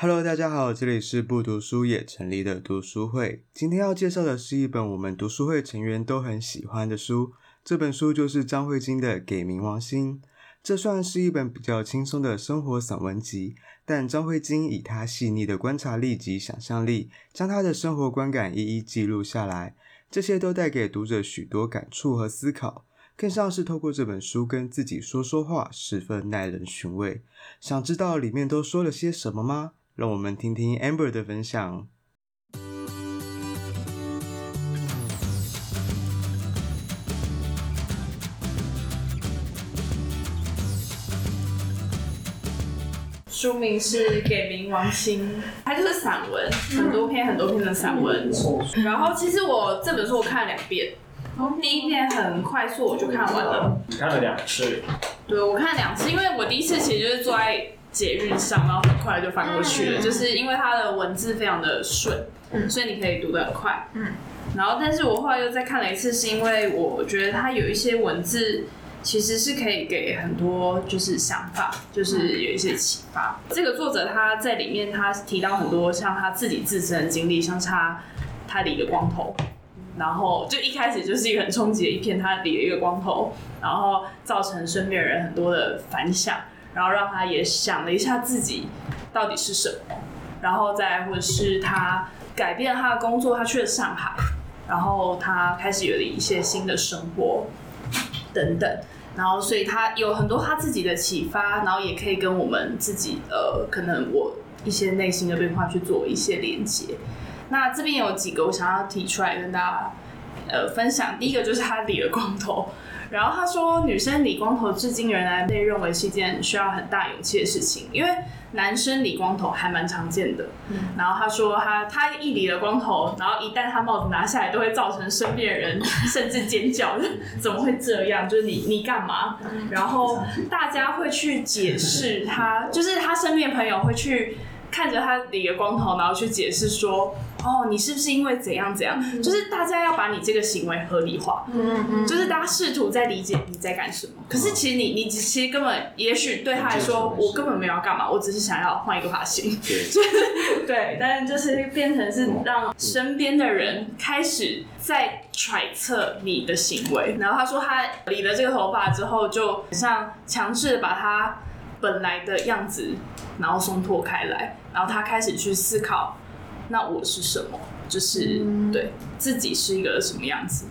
哈嘍，Hello, 大家好，這裡是不讀書也成立的讀書會。今天要介紹的是一本我們讀書會成員都很喜歡的書，這本書就是張惠菁的《給冥王星》。這算是一本比較輕鬆的生活散文集，但張惠菁以她細膩的觀察力及想象力，將她的生活觀感一一記錄下來，這些都帶給讀者許多感觸和思考，更像是透過這本書跟自己說說話，十分耐人尋味。想知道裡面都說了些什麼嗎？讓我們聽聽 Amber 的分享哦。書名是給名《給冥王星》，它就是散文，很多篇很多篇的散文。然後，其實我這本書我看了兩遍，然後第一遍很快速我就看完了。你看了兩次？對，我看了兩次，因為我第一次其實就是坐在。捷運上，然後很快就翻過去了，就是因為它的文字非常的順，所以你可以讀得很快。嗯，然後但是我後來又再看了一次，是因為我覺得它有一些文字其實是可以給很多就是想法，就是有一些啟發。嗯。這個作者他在裡面他提到很多像他自己自身的經歷，像他他理了光頭，然後就一開始就是一個很衝擊的一片，他理了一個光頭，然後造成身邊人很多的反響。然後讓他也想了一下自己到底是什麼，然後再或者是他改變了他的工作，他去了上海，然後他開始有了一些新的生活等等。然後所以他有很多他自己的啟發，然後也可以跟我們自己呃，可能我一些內心的變化去做一些連接。那這邊有幾個我想要提出來跟大家，呃，分享，第一個就是他理了光頭。然後他說，女生理光頭至今仍然被認為是一件需要很大勇氣的事情，因為男生理光頭還蠻常見的。然後他說他，他他一理了光頭，然後一旦他帽子拿下來，都會造成身邊人甚至尖叫，怎麼會這樣？就是你你幹嘛？然後大家會去解釋他，就是他身邊的朋友會去。看着他理個光頭，然後去解釋說：“哦，你是不是因為怎樣怎樣？”嗯、就是大家要把你這個行為合理化，嗯嗯，嗯就是大家試圖在理解你在幹什麼。可是其實你你其實根本，也許對他來說，我根本沒有要幹嘛，我只是想要換一個髮型。嗯嗯、就是對，但是就是變成是讓身邊的人開始在揣測你的行為。然後他說他理了這個頭髮之後，就像強制把他本來的樣子，然後鬆脫開來，然後他開始去思考，那我是什麼？就是、嗯、對，自己是一個什麼樣子？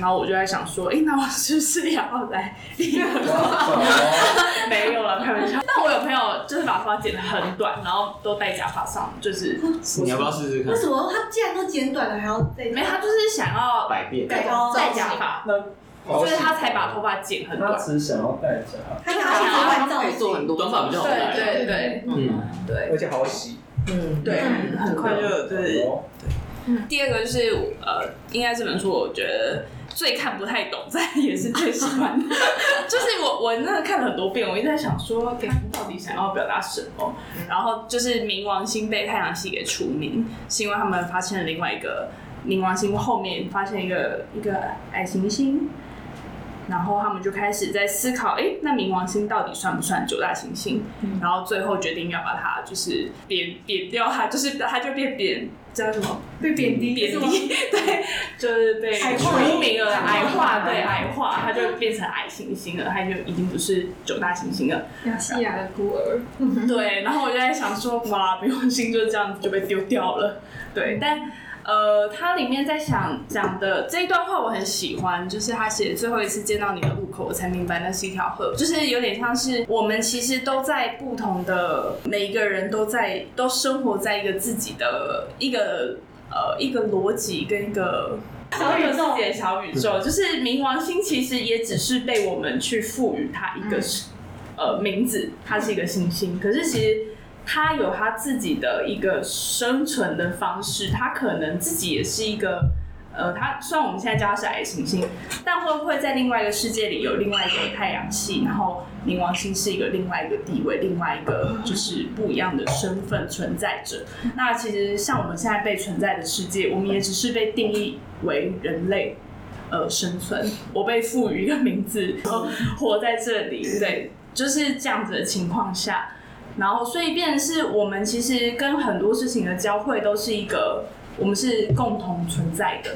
然後我就在想說，哎、欸，那我是不是要來？塞 沒有了，開玩笑。 但我有朋友就是把頭髮剪得很短，然後都戴假髮上，就是你要不要試試看？為什麼他既然都剪短了，還要戴？沒，他就是想要改變，戴、哦、戴假髮。就是他才把頭髮剪很短，他只想要戴著。他他其實外造很多，短髮比較好對對嗯對，而且好洗，嗯對，很快就就對。第二個就是呃，應該是這本書我覺得最看不太懂，但也是最喜歡的， 就是我我那個看了很多遍，我一直在想說，他到底想要表達什麼？然後就是冥王星被太陽系給除名，是因為他們發現了另外一個冥王星後面發現一個一個矮行星。然後他們就開始在思考，哎、欸，那冥王星到底算不算九大行星？嗯、然後最後決定要把它就是貶貶掉，它就是它就變貶叫什麼？被貶低，貶低，對，就是被除名而矮化，對，矮化，它就變成矮行星了，它就已經不是九大行星了。亞細亞的孤兒，對。然後我就在想說，哇，冥王星就這樣子就被丟掉了，對，但。呃，他裡面在想講的這一段話我很喜歡，就是他寫最後一次見到你的路口，我才明白那是一條河，就是有點像是我們其實都在不同的，每一個人都在都生活在一個自己的一個呃一個邏輯跟一個小、小宇宙，小宇宙就是冥王星其實也只是被我們去賦予它一個、嗯、呃名字，它是一個星星，可是其實。他有他自己的一個生存的方式，他可能自己也是一個，呃，他雖然我們現在叫他是矮行星，但會不會在另外一個世界裡有另外一個太陽系，然後冥王星是一個另外一個地位，另外一個就是不一樣的身份存在着。那其實像我們現在被存在的世界，我們也只是被定義為人類，呃，生存，我被賦予一個名字，然後活在這裡，對，就是這樣子的情況下。然後，所以變是我們其實跟很多事情的交匯都是一個，我們是共同存在的。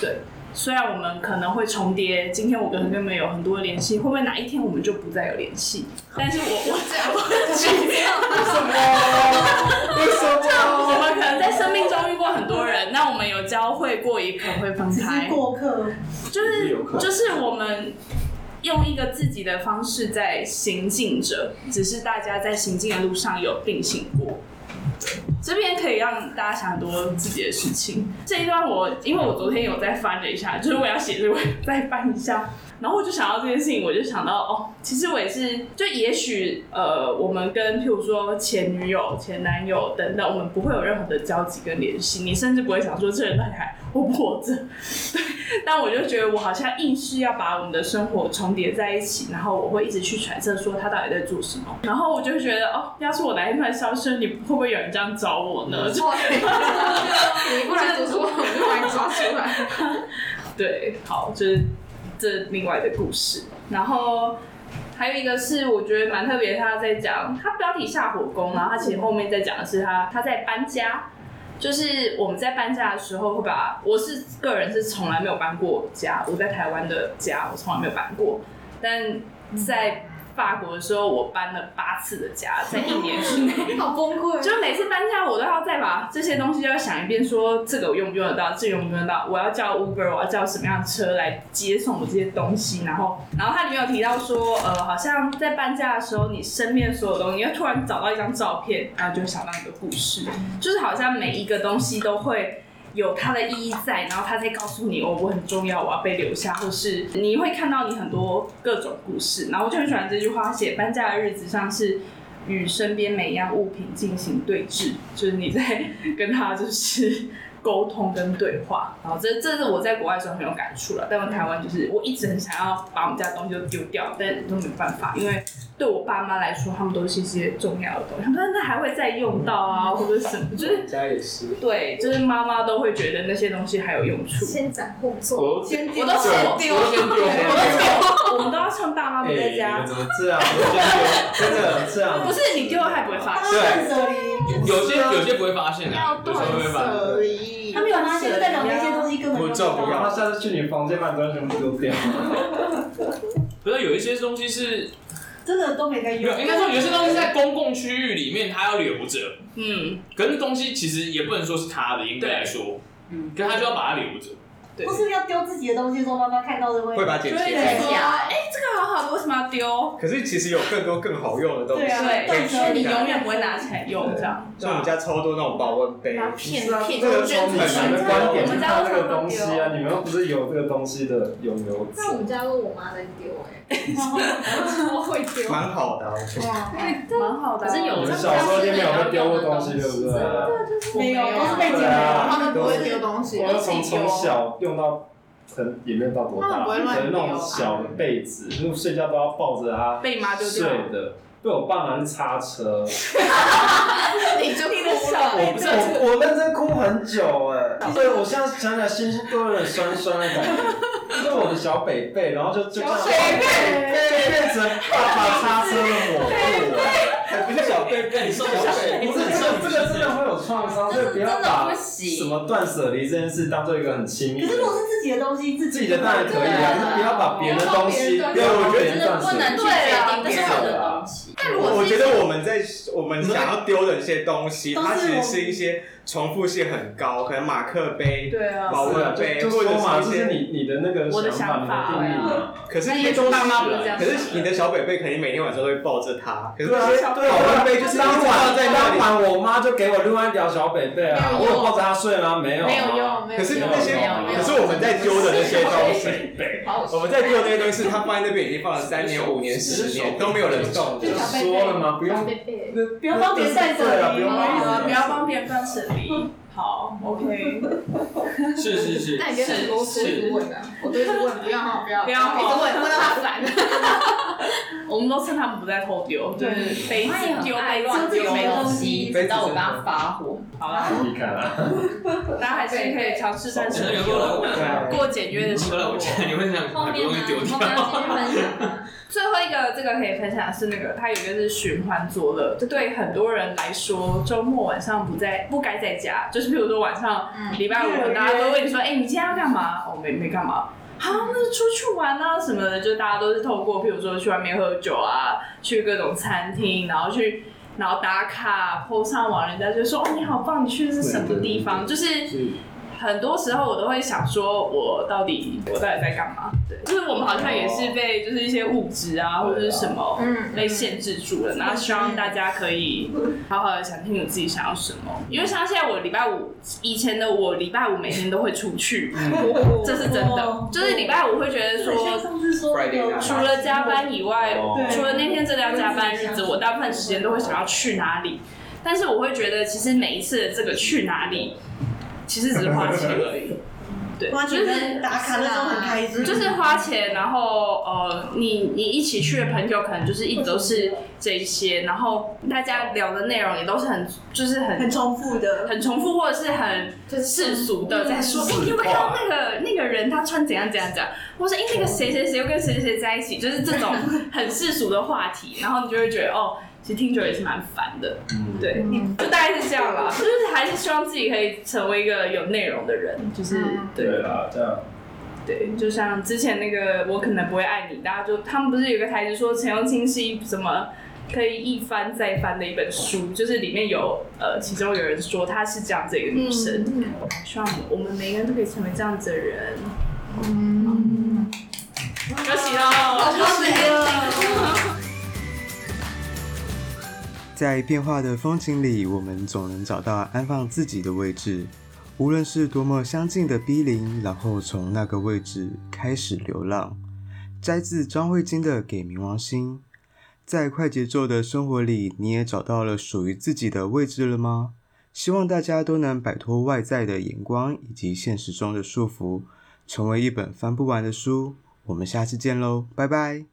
對，雖然我們可能會重疊，今天我跟他們有很多聯繫，會不會哪一天我們就不再有聯繫？好但是我我講，你說這，我們 可能在生命中遇過很多人，那我們有交會過，也可能會分開。過客，就是就是我們。用一個自己的方式在行進着，只是大家在行進的路上有並行過。這邊可以讓大家想很多自己的事情。這一段我因為我昨天有再翻了一下，就是我要寫這本，再翻一下。然後我就想到這件事情，我就想到哦，其實我也是，就也許呃，我們跟譬如說前女友、前男友等等，我們不會有任何的交集跟聯繫，你甚至不會想說這人到底還活不活著。對，但我就覺得我好像硬是要把我們的生活重疊在一起，然後我會一直去揣測說他到底在做什麼。然後我就覺得哦，要是我來一段消失，你會不會有人這樣找我呢？ 你不來讀書，我把你抓出來。 對，好，就是。這另外的故事，然後還有一個是我覺得蠻特別，他在講他標題下火攻，然後他其實後面在講的是他他在搬家，就是我們在搬家的時候會把，我是個人是從來沒有搬過家，我在台灣的家我從來沒有搬過，但在。法國的時候，我搬了八次的家，在一年之內， 好崩潰。就每次搬家，我都要再把這些東西要想一遍，說這個我用不用得到，這個用不用得到。我要叫 Uber，我要叫什麼樣的車來接送我這些東西。然後，然後他裡面有提到說，呃，好像在搬家的時候，你身邊所有東西，你要突然找到一張照片，然後就想到一個故事，就是好像每一個東西都會。有它的意義在，然後他在告訴你我我很重要，我要被留下，或是你會看到你很多各種故事。然後我就很喜歡這句話，寫搬家的日子上是與身邊每一樣物品進行對峙，就是你在跟他就是。溝通跟對話，然後這這是我在國外的時候很有感觸了。在台灣就是，我一直很想要把我們家東西都丟掉，但都沒有辦法，因為對我爸媽來說，他們都是一些重要的東西。他們真的還會再用到啊，嗯、或者什麼就是家也是對，就是媽媽都會覺得那些東西還有用處，先斬後奏，我先丟， 我都先丟，我， 我們都要趁爸媽不在家，欸、怎麼吃啊我？真的，是啊，不是你丟，他也不會發現。對有些有些不會發現的，不會發現的。他沒有發現，不代表那些東西根本。不重，然後他下次去你房間把東西全部丟掉。不是有一些東西是，真的都沒在用。應該說有些東西在公共區域裡面，他要留着。嗯，可是東西其實也不能說是他的，應該來說，嗯，可是他就要把它留着。不是要丟自己的東西，說媽媽看到就會把撿起來說，哎，這個好好的，為什麼要丟？可是其實有更多更好用的東西，對，但你永遠不會拿起來用這樣。像我們家超多那種保溫杯，片片片片片，我們家都丟。東西啊，你們不是有這個東西的，有沒有？在我們家有我媽在丟，哎，會丟。蠻好的，蠻好的。可是有，我們小時候也有丟過東西，對不對？沒有，我是被景沒有，他們不會丟東西，要從從小。用到很也沒有到多大，那種小的被子，因為睡覺都要抱着它。被媽就睡的被我爸媽擦車。你聽的出來？我我我認真哭很久哎，對我現在想想，心都有點酸酸的。這是我的小北被，然後就就就變成爸爸擦車的抹布。我。不是小貝貝，你是小北，不是小這個真的會。嗯、就是所以不要把什麼斷捨離這件事當做一個很親密。可是如果是自己的東西，自己的當然可以啊，就、啊、不要把別人的東西，因為我覺得，斷捨離。不能但我覺得我們在我們想要丟的一些東西，它其實是一些。重複性很高，可能馬克杯、保溫杯，就是一些你你的那個想法。可是那些中大媽是這，可是你的小被被肯定每天晚上都會抱着它。可是對啊，保溫杯就是。當晚，在當晚我媽就給我另外一條小被被啊。我有抱着它睡嗎？沒有。沒可是那些，可是我們在丟的那些東西，我們在丟的那些東西，它放在那邊已經放了三年、五年、十年都沒有人動，就說了嗎？不用，不用放在這裡了，不要。不要，好，OK。是是是，那你很多問了，我多問不要哈，不要，不要一直問， 問到他煩。 我們都趁他們不在偷丟，就是被丟、被亂丟，沒直到我們家發火。嗯、好了，你看啦，大家還是可以嘗試嘗試丟。過簡約的生活。過簡約的生活。後面呢？後面要繼續分享。 最後一個，這個可以分享的是那個，他有一個是循環作樂，就對很多人來說，周末晚上不在，不該在家，就是比如說晚上，禮拜五大家都會問你說，哎、嗯、欸欸，你今天要幹嘛？哦，沒沒幹嘛。好，那是出去玩啊什麼的，就大家都是透過，比如說去外面喝酒啊，去各種餐廳，然後去，然後打卡、PO 上網，人家就說：“哦，你好棒，你去的是什麼地方？”對對對對，就是。是很多時候我都會想說，我到底我到底在幹嘛？對，就是我們好像也是被就是一些物質啊，或者是什麼嗯被限制住了。然後希望大家可以好好的想清楚自己想要什麼。因為像現在我禮拜五以前的我禮拜五每天都會出去，這是真的。就是禮拜五會覺得說，除了加班以外，除了那天真的要加班的日子，我大部分時間都會想要去哪裡。但是我會覺得，其實每一次的這個去哪裡。其實只是花錢而已，對哇，對，就是打卡那種很開心，啊，開心就是花錢。然後呃，你你一起去的朋友可能就是一直都是這一些，然後大家聊的內容也都是很就是很很重複的，很重複或者是很就是世俗的在說，嗯，因為那個那個人他穿怎樣怎樣講，或是因為那個誰誰誰又跟誰誰在一起，就是這種很世俗的話題，然後你就會覺得哦。其實聽久也是蠻煩的，對，嗯、就大概是這樣啦。就是還是希望自己可以成為一個有內容的人，就是、嗯、啊對，對啊，這樣對，就像之前那個我可能不會愛你、啊，大家就他們不是有個台詞說程又青是一什麼可以一翻再翻的一本書，就是裡面有呃，其中有人說她是這樣子一個女生。嗯、希望我們，我們每一個人都可以成為這樣子的人。嗯，恭喜哦！在變化的風景裡，我們總能找到安放自己的位置。無論是多麼相近的逼鄰，0, 然後從那個位置開始流浪。摘自張惠菁的《給冥王星》。在快節奏的生活裡，你也找到了屬於自己的位置了嗎？希望大家都能擺脫外在的眼光以及現實中的束縛，成為一本翻不完的書。我們下次見嘍，拜拜。